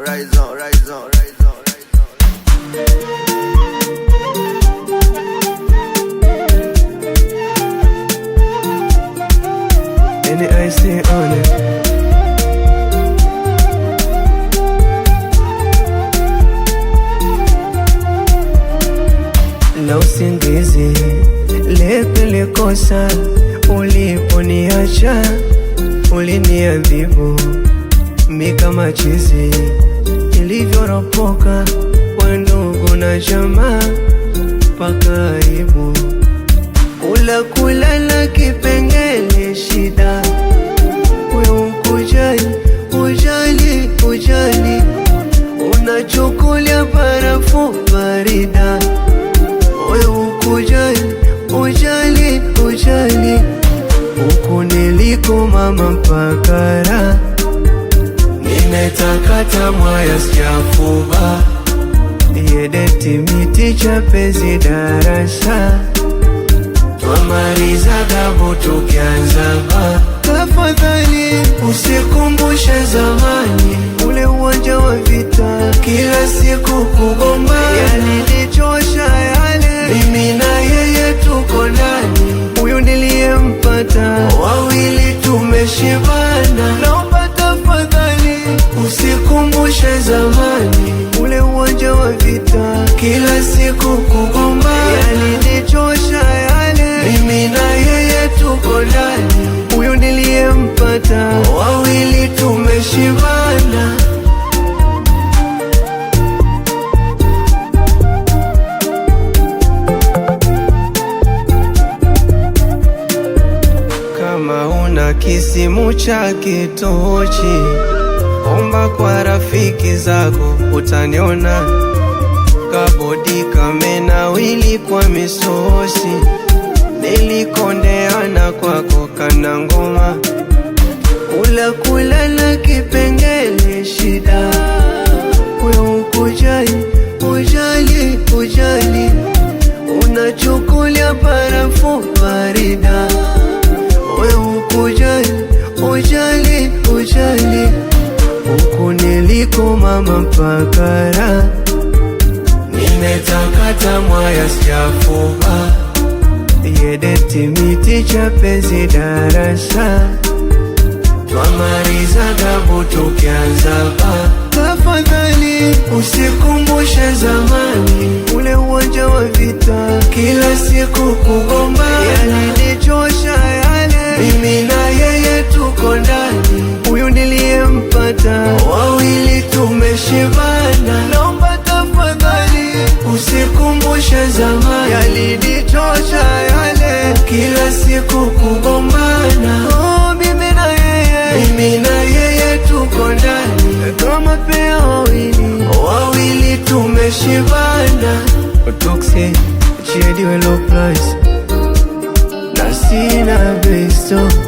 Rise on, rise on, rise on, rise on. and I uliniadhibu mi kama chizi ilivyoropoka wandugu na jamaa pakaibu kula la kipengele shida wewe ukujali ujali ujali unachukulia barafu barida atamwa yasyafuba yedeti miti chapezi darasa twamaliza gabu tukianzaba. Tafadhali usikumbushe zamani, ule uwanja wa vita, kila siku kugomba, yalinichosha yaani yale. Mimi na yeye tuko ndani, huyu niliyempata, wawili tumeshibana Usikumbushe zamani ule uwanja wa vita, kila siku kugomba yalinichosha yale. Mimi na yeye tuko ndani, huyu niliyempata, wawili tumeshibana kama una kisimu cha kitochi omba kwa rafiki zako, utaniona kabodi wili kwa misosi, nilikondeana kwako kana ngoma, kula na kipengele shida, wewe ukuja sukuma mapakara, nimetakata mwaya sijafuba, yedeti miti chapezi darasa, twamaliza gabu tukianzaba. Tafadhali usikumbushe zamani, ule uwanja wa vita, kila siku kugombana, yananichosha yale, mimi na yeye tuko ndani, huyu niliyempata nimeshibana, naomba tafadhali usikumbushe zamani, yalinichosha yale kila siku kugombana. Oh, mimi na yeye, mimi na yeye tuko ndani kama pea wawili wawili, tumeshibana Toxic, Chedi, low price. Nasina besto